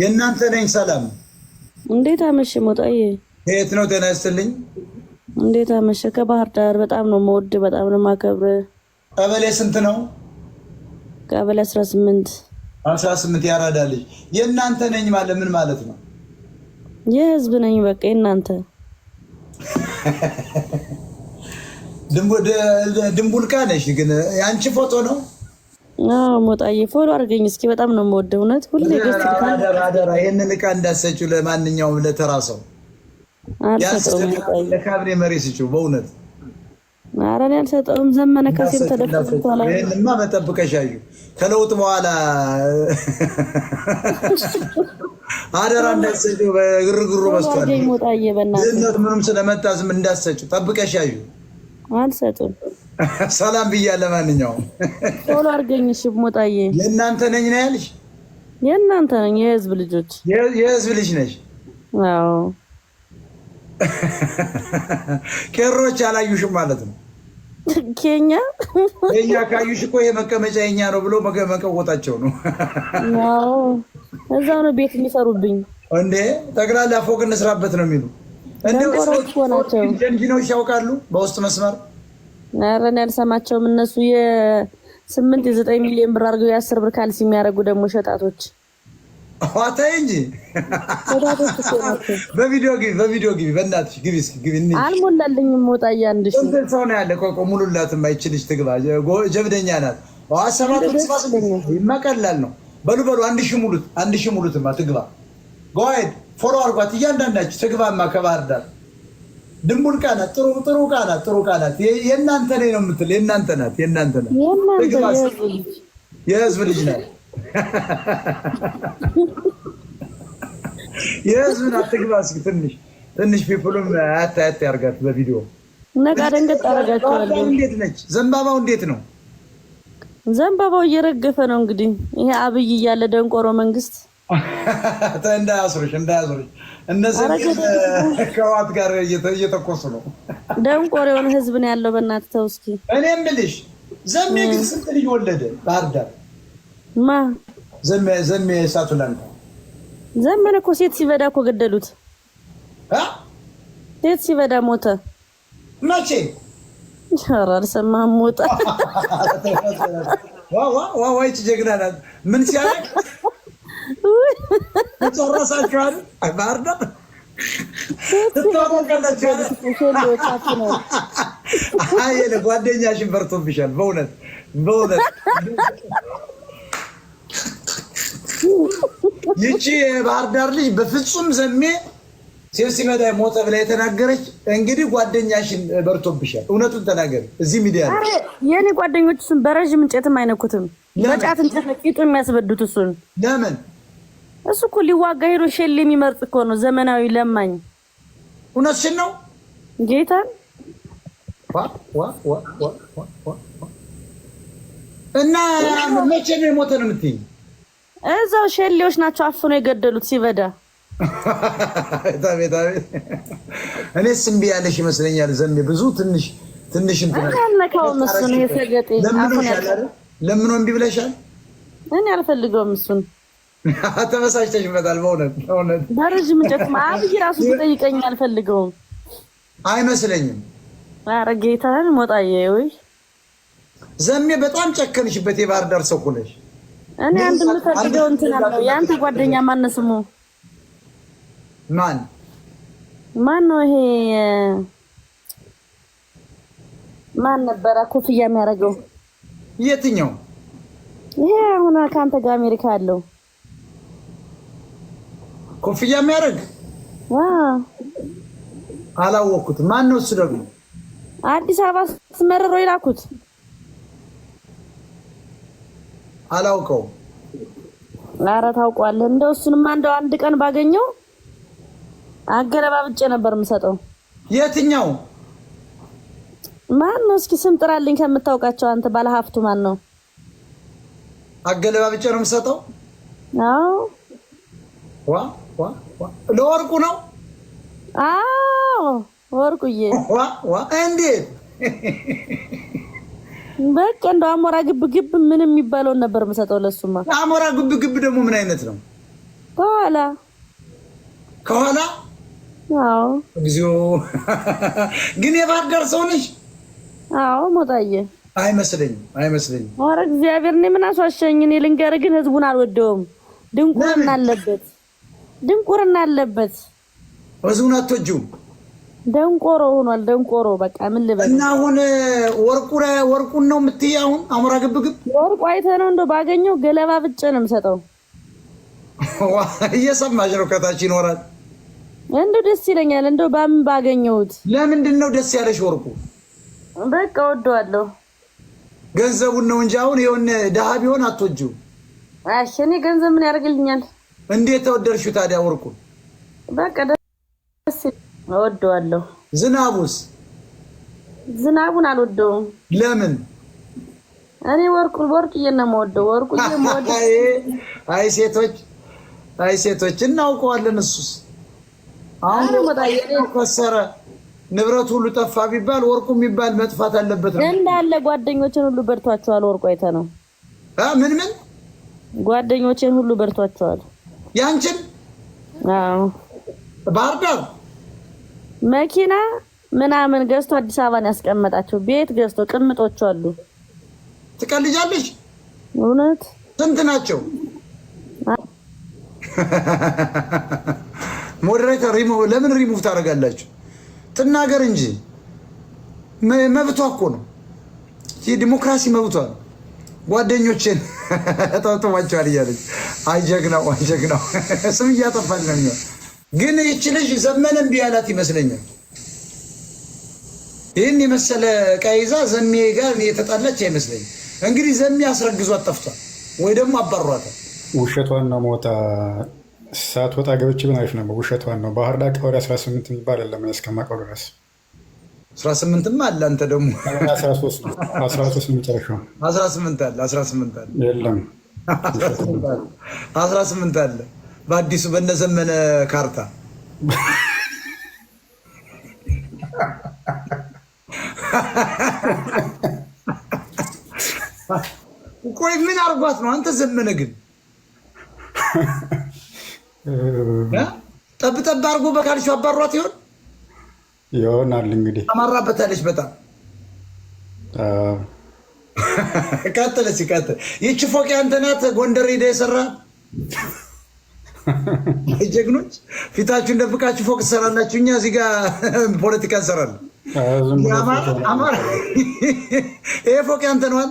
የእናንተ ነኝ። ሰላም እንዴት አመሸ ሞጣዬ? የት ነው? ጤና ይስጥልኝ። እንዴት አመሸ? ከባህር ዳር። በጣም ነው መወድ፣ በጣም ነው ማከብር። ቀበሌ ስንት ነው? ቀበሌ አስራ ስምንት አስራ ስምንት ያራዳ ልጅ። የእናንተ ነኝ ማለት ምን ማለት ነው? የህዝብ ነኝ በቃ የእናንተ ድንቡልቃ ነሽ። ግን የአንቺ ፎቶ ነው ሞጣዬ ፎሎ አድርገኝ እስኪ፣ በጣም ነው የምወደው። እውነት ሁሌ ገስት ይህንን እቃ እንዳሰችው ለማንኛውም ለተራሰው ለካብሬ መሪ ስጭው በእውነት ኧረ እኔ አልሰጠውም። ዘመነ ከሴም ተደፍቶ ይህንማ መጠብቀሽ አዩ ከለውጥ በኋላ አደራ እንዳሰጭው በግርግሩ በስቷል። ሞጣዬ በእናትህ ምንም ስለመጣ ዝም እንዳሰጭው ጠብቀሽ አዩ አልሰጡም ሰላም ብያ። ለማንኛውም ቶሎ አድርገኝ እሺ። ሞጣዬ የእናንተ ነኝ ነው ያልሽ? የእናንተ ነኝ። የህዝብ ልጆች የህዝብ ልጅ ነሽ? አዎ። ኬሮች አላዩሽም ማለት ነው። ኬኛ ኬኛ ካዩሽ እኮ ይሄ መቀመጫ የኛ ነው ብሎ መቀወጣቸው ነው። እዛው ነው ቤት የሚሰሩብኝ እንዴ። ጠቅላላ ፎቅ እንስራበት ነው የሚሉ እንዲሁ ሰዎች ጀንጂኖች ያውቃሉ በውስጥ መስመር ኧረ እኔ አልሰማቸውም። እነሱ የስምንት የዘጠኝ ሚሊዮን ብር አድርገው የአስር ብር ካልሲ የሚያደርጉ ደግሞ ሸጣቶች ተይ እንጂ በቪዲዮ ግቢ፣ በቪዲዮ ግቢ፣ በእናትሽ ግቢ፣ እስኪ ግቢ። አልሞላልኝም። ሞጣ እያንድ እንትን ሰው ነው ያለ። ቆቆ ቆይ ሙሉላትም አይችልሽ ትግባ። ጀብደኛ ናት። ሰባት ነው። በሉ በሉ፣ አንድ ሺህ ሙሉት፣ አንድ ሺህ ሙሉትማ ትግባ። ጎሄድ ፎሎ አርጓት እያንዳንዳችሁ ትግባማ ከባህር ዳር ድንቡል ቃላት ጥሩ ጥሩ ቃላት ጥሩ ቃላት የእናንተ ነው የምትል የእናንተ ናት የእናንተ ናት የህዝብ ልጅ ናት የህዝብ ናት ትግባ እስኪ ትንሽ ትንሽ ፒፕሉም አያታያት ያርጋት በቪዲዮ እንዴት ነች ዘንባባው እንዴት ነው ዘንባባው እየረገፈ ነው እንግዲህ ይሄ አብይ እያለ ደንቆሮ መንግስት እንዳያስሩሽ እንዳያስሩሽ። እነዚህ ከዋት ጋር እየተኮሱ ነው። ደንቆር የሆነ ህዝብ ነው ያለው። በእናትህ ተው እስኪ። እኔ የምልሽ ዘሜ ግን ስንት ልጅ ወለደ? ባህር ዳር ማ ዘሜ ሳቱ ላንታ ዘመን እኮ ሴት ሲበዳ እኮ ገደሉት። ሴት ሲበዳ ሞተ። መቼ? ኧረ አልሰማህም? ሞተ። ዋ ዋ ዋ! ይህች ጀግና ናት። ምን ሲያደርግ ጨረሳችኋል? ባህር ዳር ጓደኛሽን በርቶብሻል። በእውነት በእውነት ይቺ ልጅ በፍጹም ዘሜ ሲመዳ ሞተ ብላ የተናገረች እንግዲህ ጓደኛሽን በርቶብሻል። እውነቱን ተናገር እዚህ ሚዲያ የእኔ ጓደኞች እሱን በረዥም እንጨትም አይነኩትም፣ በጫት እንጨት ቂጡ የሚያስበዱት እሱን ለምን እሱ እኮ ሊዋጋ ሄዶ ሼል የሚመርጥ እኮ ነው ዘመናዊ ለማኝ። እውነትሽን ነው ጌታን እና መቼ ነው የሞተ ነው የምትይኝ? እዛው ሸሌዎች ናቸው አፍኖ የገደሉት ሲበዳ። ቤት ቤት እኔስ ያለሽ ይመስለኛል። ዘንድ ብዙ ትንሽ ትንሽ አልነካውም እሱን። የሰገጤ ለምኖ እምቢ ብለሻል። እኔ አልፈልገውም እሱን ተበሳጭተሽበታል። በእውነት በእውነት በረዥም እንጨት አብይ ራሱ ሲጠይቀኝ አልፈልገውም አይመስለኝም። ኧረ ጌታን ሞጣዬ ወይ ዘሜ በጣም ጨከንሽበት። የባህር ዳር ሰው ሆነሽ እኔ አንድ የምፈልገው እንትን አለው። የአንተ ጓደኛ ማነው ስሙ? ማን ማን ነው ይሄ? ማን ነበረ ኮፍያ የሚያደርገው? የትኛው? ይሄ አሁን ከአንተ ጋር አሜሪካ ያለው ኮፍያ የሚያደርግ አላወቅኩት። ማን ነው እሱ? ደግሞ አዲስ አበባ ስትመረሮ የላኩት አላውቀው። ኧረ ታውቋለህ። እንደው እሱንማ እንደው አንድ ቀን ባገኘው አገለባብጬ ነበር የምሰጠው። የትኛው ማን ነው? እስኪ ስም ጥራልኝ ከምታውቃቸው አንተ። ባለሀብቱ ማን ነው? አገለባብጬ ነው የምሰጠው። አዎ ለወርቁ ነው። አዎ ወርቁዬ፣ እንዴት በቃ እንደ አሞራ ግብ ግብ ምንም የሚባለውን ነበር የምሰጠው ለሱማ። አሞራ ግብ ግብ ደግሞ ምን አይነት ነው? ከኋላ ከኋላ። አዎ እግዚኦ! ግን ሰው ነሽ? አዎ ሞጣዬ። አይመስለኝም፣ አይመስለኝም። ኧረ እግዚአብሔር፣ እኔ ምን አስዋሸኝ? እኔ ልንገርህ ግን ህዝቡን አልወደውም። ድንቁርና አለበት ድንቁርና አለበት። እሱን አትወጂውም። ደንቆሮ ሆኗል። ደንቆሮ በቃ ምን ልበል እና አሁን ወርቁ ወርቁን ነው የምትይ? አሁን አሞራ ግብግብ ወርቁ አይተ ነው እንደው ባገኘው ገለባ ብጭ ነው የምሰጠው። እየሰማሽ ነው? ከታች ይኖራል። እንደ ደስ ይለኛል። እንደው በምን ባገኘሁት። ለምንድን ነው ደስ ያለሽ? ወርቁ በቃ ወደዋለሁ። ገንዘቡን ነው እንጂ አሁን የሆነ ደሃ ቢሆን አትወጂው። እኔ ገንዘብ ምን ያደርግልኛል? እንዴት ተወደድሽው ታዲያ? ወርቁ በቃ ደስ እወደዋለሁ። ዝናቡስ? ዝናቡን አልወደውም። ለምን? እኔ ወርቁን ወርቅዬ ነው የምወደው። ወርቁዬ የምወደው። አይ ሴቶች፣ አይ ሴቶች እናውቀዋለን። እሱስ አሁን ከሰረ ንብረቱ ሁሉ ጠፋ ቢባል ወርቁ የሚባል መጥፋት አለበት ነው እንዳለ። ጓደኞችን ሁሉ በድቷቸዋል። ወርቁ አይተ ነው ምን ምን ጓደኞችን ሁሉ በድቷቸዋል። ያንቺን ባህር ዳር መኪና ምናምን ገዝቶ አዲስ አበባን ያስቀመጣቸው ቤት ገዝቶ ቅምጦቹ አሉ። ትቀልጃለሽ? እውነት ስንት ናቸው? ሞዴሬተር ለምን ሪሙቭ ታደርጋላችሁ? ትናገር እንጂ መብቷ እኮ ነው። የዲሞክራሲ መብቷ ነው። ጓደኞችን ጠብጥሟቸዋል እያለች አጀግናው አጀግናው ስም እያጠፋል ነው የሚሆን። ግን ይች ልጅ ዘመን እምቢ ያላት ይመስለኛል። ይህን የመሰለ ዕቃ ይዛ ዘሜ ጋር የተጣላች አይመስለኝም። እንግዲህ ዘሜ አስረግዟት ጠፍቷል ወይ ደግሞ አባሯታል። ውሸቷን ነው መውጣ ሳትወጣ ገብቼ ብን አሪፍ ነበር። ውሸቷን ነው ባህር ዳር ቀበሌ 18 የሚባል የለም እስከማውቀው ድረስ አስራ ስምንትም አለ። አንተ ደግሞ አስራ ስምንት አለ በአዲሱ በነዘመነ ካርታ ቆይ ምን አርጓት ነው አንተ ዘመነ ግን ጠብጠብ አድርጎ በካልሽ አባሯት ይሆን? ይሆናል እንግዲህ አማራበታለች። በጣም ቀጥል፣ እስኪ ቀጥል። ይቺ ፎቅ ያንተ ናት? ጎንደር ሄደ የሰራ ጀግኖች ፊታችሁን ደብቃችሁ ፎቅ ትሰራላችሁ። እኛ እዚህ ጋር ፖለቲካ እንሰራለን። ይሄ ፎቅ ያንተ ነዋል?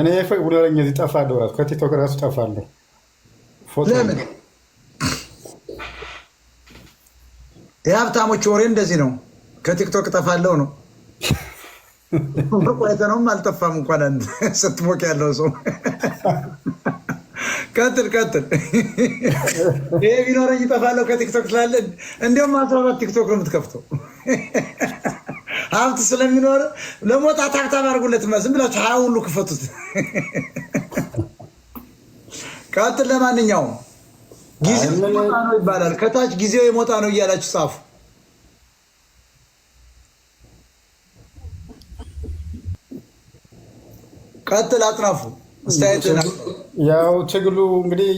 እኔ ፎቅ ብለለኝ እዚህ ጠፋለሁ። እራሱ ከቲክቶክ እራሱ ጠፋለሁ። ለምን የሀብታሞች ወሬ እንደዚህ ነው። ከቲክቶክ ጠፋለው ነው ቆይተነውም አልጠፋም። እንኳን አንድ ስትሞቅ ያለው ሰው ቀጥል ቀጥል። ይሄ ቢኖረኝ ይጠፋለሁ ከቲክቶክ ስላለ እንዲሁም አስራ አራት ቲክቶክ ነው የምትከፍተው። ሀብት ስለሚኖር ለሞጣ ሀብታም አድርጉለት። ዝም ብላችሁ ሀያ ሁሉ ክፈቱት። ቀጥል። ለማንኛውም ጊዜ የሞጣ ነው ይባላል። ከታች ጊዜው የሞጣ ነው እያላችሁ ጻፉ። ቀጥል አጥናፉ። ያው ትግሉ እንግዲህ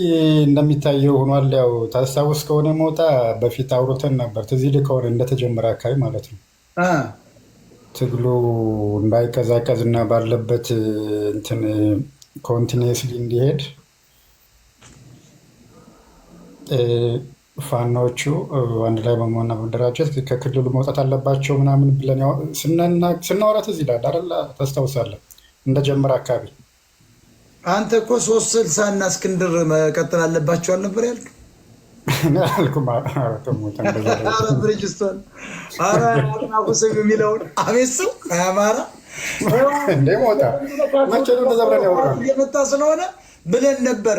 እንደሚታየው ሆኗል። ያው ታስታውስ ከሆነ ሞጣ በፊት አውሮተን ነበር ትዚህ ል ከሆነ እንደተጀመረ አካባቢ ማለት ነው ትግሉ እንዳይቀዛቀዝ እና ባለበት እንትን ኮንቲኒየስሊ እንዲሄድ ፋናዎቹ አንድ ላይ በመሆን በመደራጀት ከክልሉ መውጣት አለባቸው ምናምን ብለን ስናወራት እዚህ ላል ታስታውሳለህ? እንደጀመረ አካባቢ አንተ እኮ ሶስት ስልሳ እና እስክንድር መቀጠል አለባቸው አልነበር ያልክ? ብርጅስቶን አናቁስም የሚለውን አቤት ሰው አያማራ የመጣ ስለሆነ ብለን ነበር።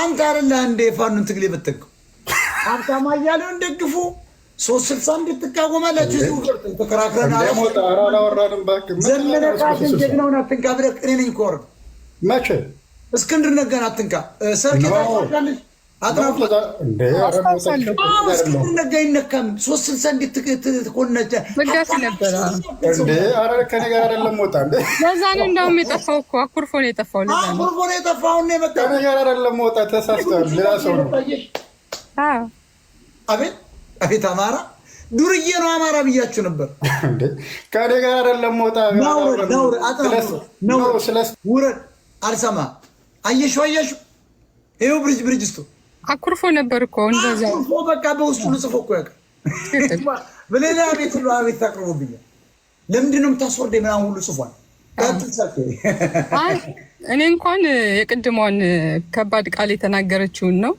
አንተ አይደለህ እንደ የፋኑን ትግል የበተንከው አንታማ እያለውን ደግፉ ሶስት ስልሳ እንዴት ትቃወማላችሁ? ጀግናውን አትንካ ብለህ እኔ ነኝ እኮ መቼ እስክንድር ነጋን አትንካ እስክንድር ነጋ አይነካም። ሶስት ስልሳ እንዴት ነው እንዳውም የጠፋው እኮ አኩርፎ ነው የጠፋው። አኩርፎ ነው የጠፋው። መጣ ከእኔ አይደለም ወጣ። ተሳስተዋል። ሌላ ሰው ነው። አቤት አቤት አማራ ዱርዬ ነው አማራ ብያችሁ ነበር። ከኔ ጋር አይደለም ሞጣ ውረድ። አልሰማ አየሹ አየሹ ይው ብሪጅ ብሪጅ ስቶ አኩርፎ ነበር እኮ እንደዛ በቃ በውስጡ ንጽፎ እኮ ያቀ በሌላ ቤት ሁሉ አቤት ታቅርቦብኛል። ለምንድን ነው የምታስወርደ ምናምን ሁሉ ጽፏል። እኔ እንኳን የቅድሟን ከባድ ቃል የተናገረችውን ነው።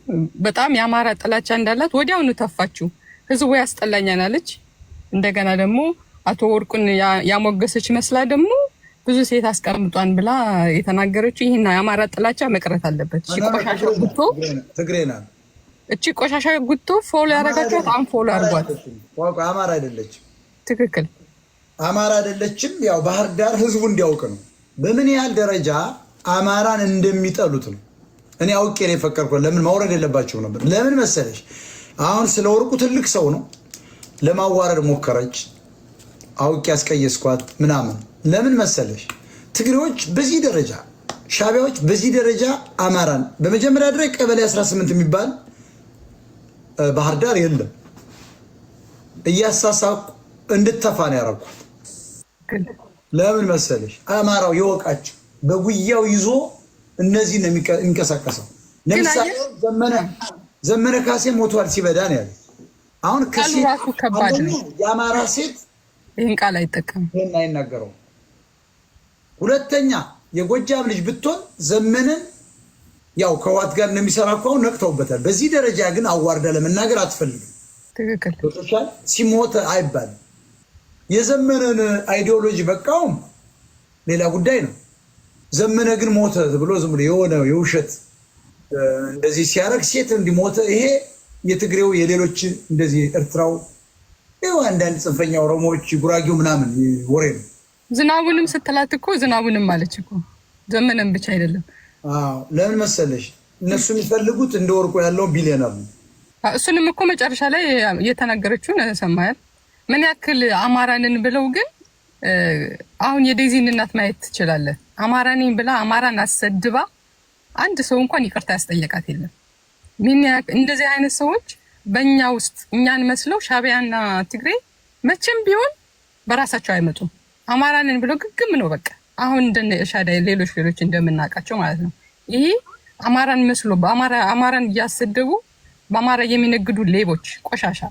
በጣም የአማራ ጥላቻ እንዳላት ወዲያውኑ ተፋችሁ። ህዝቡ ያስጠላኛል አለች። እንደገና ደግሞ አቶ ወርቁን ያሞገሰች መስላ ደግሞ ብዙ ሴት አስቀምጧን ብላ የተናገረችው ይህን የአማራ ጥላቻ መቅረት አለበት። ቆሻሻ ጉቶ እቺ ቆሻሻ ጉቶ ፎሎ ያደረጋችኋት አሁን ፎሎ አድርጓት። አማራ አይደለችም። ትክክል አማራ አይደለችም። ያው ባህር ዳር ህዝቡ እንዲያውቅ ነው በምን ያህል ደረጃ አማራን እንደሚጠሉት ነው። እኔ አውቄ ነው የፈቀድኩት። ለምን ማውረድ የለባቸው ነበር። ለምን መሰለሽ አሁን ስለ ወርቁ ትልቅ ሰው ነው። ለማዋረድ ሞከረች፣ አውቅ ያስቀየስኳት ምናምን። ለምን መሰለሽ ትግሬዎች በዚህ ደረጃ ሻቢያዎች በዚህ ደረጃ አማራን በመጀመሪያ ድረ ቀበሌ 18 የሚባል ባህር ዳር የለም። እያሳሳኩ እንድተፋ ነው ያደረኩት። ለምን መሰለሽ አማራው የወቃቸው በጉያው ይዞ እነዚህ ነው የሚንቀሳቀሰው። ለምሳሌ ዘመነ ዘመነ ካሴ ሞቷል ሲበዳ ነው ያሉት። አሁን ከሴት ከባድ ነው። የአማራ ሴት ይህን ቃል አይጠቀም፣ ይህን አይናገረው። ሁለተኛ የጎጃም ልጅ ብትሆን ዘመንን ያው ከዋት ጋር እንደሚሰራ እኮ አሁን ነቅተውበታል። በዚህ ደረጃ ግን አዋርዳ ለመናገር አትፈልግም። ትክክል። ሲሞት አይባልም። የዘመነን አይዲዮሎጂ በቃውም ሌላ ጉዳይ ነው። ዘመነ ግን ሞተ ብሎ ዝም ብሎ የሆነ የውሸት እንደዚህ ሲያደርግ ሴት እንዲሞተ ይሄ የትግሬው የሌሎች እንደዚህ ኤርትራው አንዳንድ ጽንፈኛ ኦሮሞዎች ጉራጌው ምናምን ወሬ ነው። ዝናቡንም ስትላት እኮ ዝናቡንም ማለች እኮ ዘመንም ብቻ አይደለም። ለምን መሰለሽ እነሱ የሚፈልጉት እንደ ወርቆ ያለው ቢሊዮነር ነው። እሱንም እኮ መጨረሻ ላይ እየተናገረችው ሰማያል። ምን ያክል አማራንን ብለው ግን አሁን የዴዚን እናት ማየት ትችላለን። አማራኔን ብላ አማራን አሰድባ አንድ ሰው እንኳን ይቅርታ ያስጠየቃት የለም። ምን እንደዚህ አይነት ሰዎች በእኛ ውስጥ እኛን መስለው ሻቢያና ትግሬ መቼም ቢሆን በራሳቸው አይመጡም። አማራንን ብሎ ግግም ነው በቃ። አሁን እንደ እርሻዳ ሌሎች ሌሎች እንደምናውቃቸው ማለት ነው። ይሄ አማራን መስሎ አማራን እያሰደቡ በአማራ የሚነግዱ ሌቦች፣ ቆሻሻ፣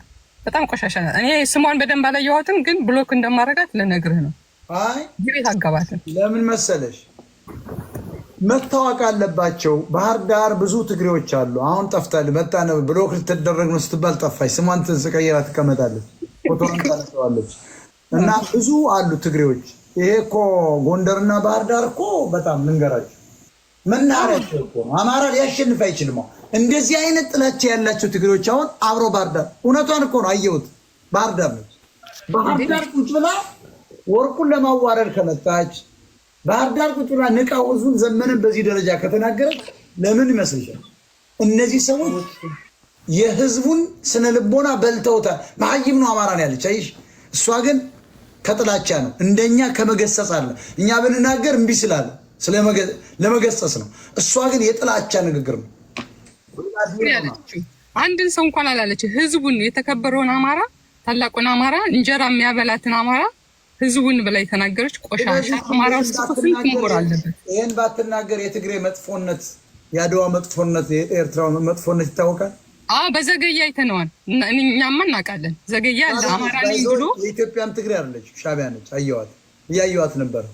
በጣም ቆሻሻ። እኔ ስሟን በደንብ አላየኋትም፣ ግን ብሎክ እንደማረጋት ልነግርህ ነው። ቤት አጋባትን ለምን መሰለሽ መታወቅ አለባቸው። ባህር ዳር ብዙ ትግሬዎች አሉ። አሁን ጠፍታል መጣ ነው ብሎ ልትደረግ ነው ስትባል ጠፋች። ስሟን ስቀይራ ትቀመጣለች፣ ፎቶን ታነሳዋለች። እና ብዙ አሉ ትግሬዎች። ይሄ እኮ ጎንደርና ባህር ዳር እኮ በጣም ልንገራቸው መናሪያቸው እኮ ነው። አማራ ሊያሸንፍ አይችልም። እንደዚህ አይነት ጥላቻ ያላቸው ትግሬዎች አሁን አብሮ ባህር ዳር እውነቷን እኮ ነው አየሁት። ባህር ዳር ነች ባህር ዳር ቁጭ ብላ ወርቁን ለማዋረድ ከመጣች ባህር ዳር ቁጭ ብላ ንቃ ዘመንን በዚህ ደረጃ ከተናገረ ለምን ይመስልሻል? እነዚህ ሰዎች የህዝቡን ስነ ልቦና በልተውታል። መሀይም ነው አማራ ነው ያለች አይሽ። እሷ ግን ከጥላቻ ነው እንደኛ ከመገሰጽ አለ። እኛ ብንናገር እምቢ ስላለ ለመገሰጽ ነው። እሷ ግን የጥላቻ ንግግር ነው። አንድን ሰው እንኳን አላለች። ህዝቡን የተከበረውን አማራ ታላቁን አማራ እንጀራ የሚያበላትን አማራ ህዝቡን ብላ የተናገረች ቆሻሻ አማራ ውስጥ መኖር አለበት። ይህን ባትናገር የትግሬ መጥፎነት፣ የአድዋ መጥፎነት፣ የኤርትራ መጥፎነት ይታወቃል። አዎ በዘገያ አይተነዋል። እኛማ እናውቃለን። ዘገያ አለ አማራ ነኝ ብሎ የኢትዮጵያም ትግሬ አለች፣ ሻቢያ ነች። አየዋት፣ እያየዋት ነበረ።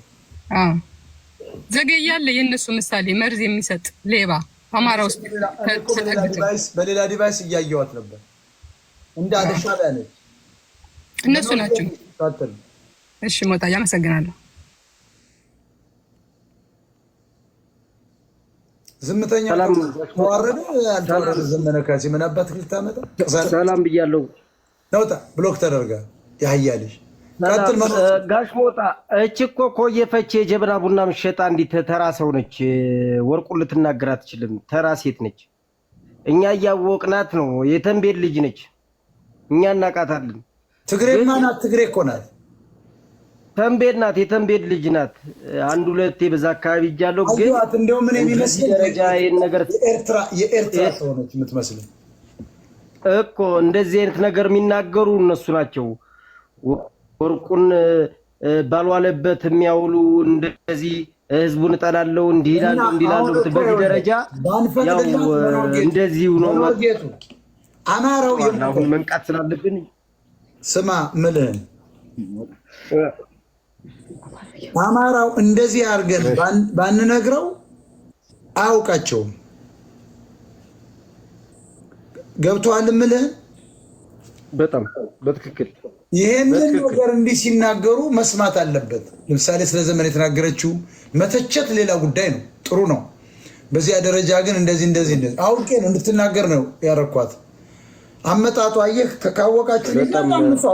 ዘገያ አለ የእነሱ ምሳሌ መርዝ የሚሰጥ ሌባ አማራ ውስጥ በሌላ ዲቫይስ እያየዋት ነበር። እንደ ሻቢያ ነች። እነሱ ናቸው እሺ ሞጣዬ አመሰግናለሁ። ዝምተኛ ተዋረደ አልተዋረደ ዘመነ ካሴ ምን አባት ልታመጣ ሰላም ብያለሁ። ነውጣ ብሎክ ተደርጋ ያህያልሽ ጋሽ ሞጣ እች እኮ ኮየፈች የጀበና ቡና ምሸጣ እንዲህ ተራ ሰው ነች። ወርቁን ልትናገር አትችልም። ተራ ሴት ነች። እኛ እያወቅናት ነው። ልጅ ነች። እኛ እናቃታለን። ትግሬ ማናት? ትግሬ እኮ ናት። ተንቤድ ናት፣ የተንቤድ ልጅ ናት። አንድ ሁለቴ በዛ አካባቢ እጃለሁ፣ ግን እንደውም እኔ የሚመስለኝ ደረጃ ይሄን ነገር የኤርትራ የኤርትራ ሰው ነች የምትመስለኝ እኮ እንደዚህ አይነት ነገር የሚናገሩ እነሱ ናቸው። ወርቁን ባልዋለበት የሚያውሉ እንደዚህ ህዝቡን እጠላለሁ እንዲህ ይላሉ እንዲህ ይላሉ። በዚህ ደረጃ ያው እንደዚሁ ነው። አማራው አሁን መንቃት ስላለብን ስማ ምልህን አማራው እንደዚህ አድርገን ባንነግረው አያውቃቸውም። ገብቶሃል እምልህ? በጣም በትክክል ይህንን ነገር እንዲህ ሲናገሩ መስማት አለበት። ለምሳሌ ስለ ዘመን የተናገረችው መተቸት ሌላ ጉዳይ ነው፣ ጥሩ ነው። በዚያ ደረጃ ግን እንደዚህ እንደዚህ እንደዚህ አውቄ ነው እንድትናገር ነው ያረኳት። አመጣጡ አየህ፣ ካወቃችሁ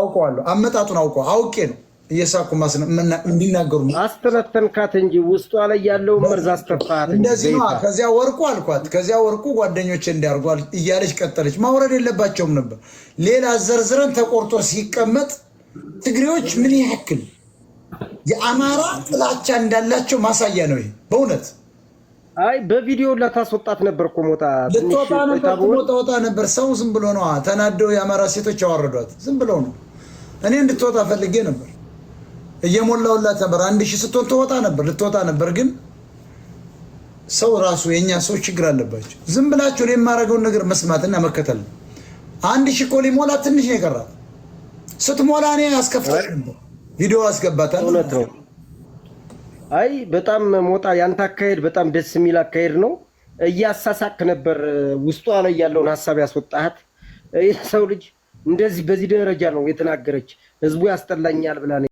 አውቀዋለሁ። አመጣጡን አውቀ አውቄ ነው እየሳቁ እንዲናገሩ አስተፈተንካት እንጂ ውስጧ ላይ ያለው መርዝ አስተፋት። እንደዚህ ከዚያ ወርቁ አልኳት፣ ከዚያ ወርቁ ጓደኞች እንዲያርጓል እያለች ቀጠለች። ማውረድ የለባቸውም ነበር። ሌላ ዘርዝረን ተቆርጦ ሲቀመጥ ትግሬዎች ምን ያክል የአማራ ጥላቻ እንዳላቸው ማሳያ ነው ይሄ በእውነት አይ በቪዲዮ ላታስወጣት ነበር እኮ ሞጣ ልትወጣ ነበር ሞጣ ወጣ ነበር። ሰው ዝም ብሎ ነዋ ተናደው የአማራ ሴቶች ያዋረዷት ዝም ብለው ነው። እኔ እንድትወጣ ፈልጌ ነበር። እየሞላውላት ነበር። አንድ ሺህ ስትሆን ትወጣ ነበር ልትወጣ ነበር። ግን ሰው ራሱ የእኛ ሰው ችግር አለባቸው። ዝም ብላችሁ የማደርገውን ነገር መስማትና መከተል ነው። አንድ ሺህ እኮ ሊሞላ ትንሽ ነው የቀራት። ስትሞላ እኔ አስከፍታል ቪዲዮ አስገባታል። አይ በጣም ሞጣ፣ ያንተ አካሄድ በጣም ደስ የሚል አካሄድ ነው። እያሳሳክ ነበር ውስጧ ላይ ያለውን ሀሳብ ያስወጣሃት። ሰው ልጅ እንደዚህ በዚህ ደረጃ ነው የተናገረች። ህዝቡ ያስጠላኛል ብላ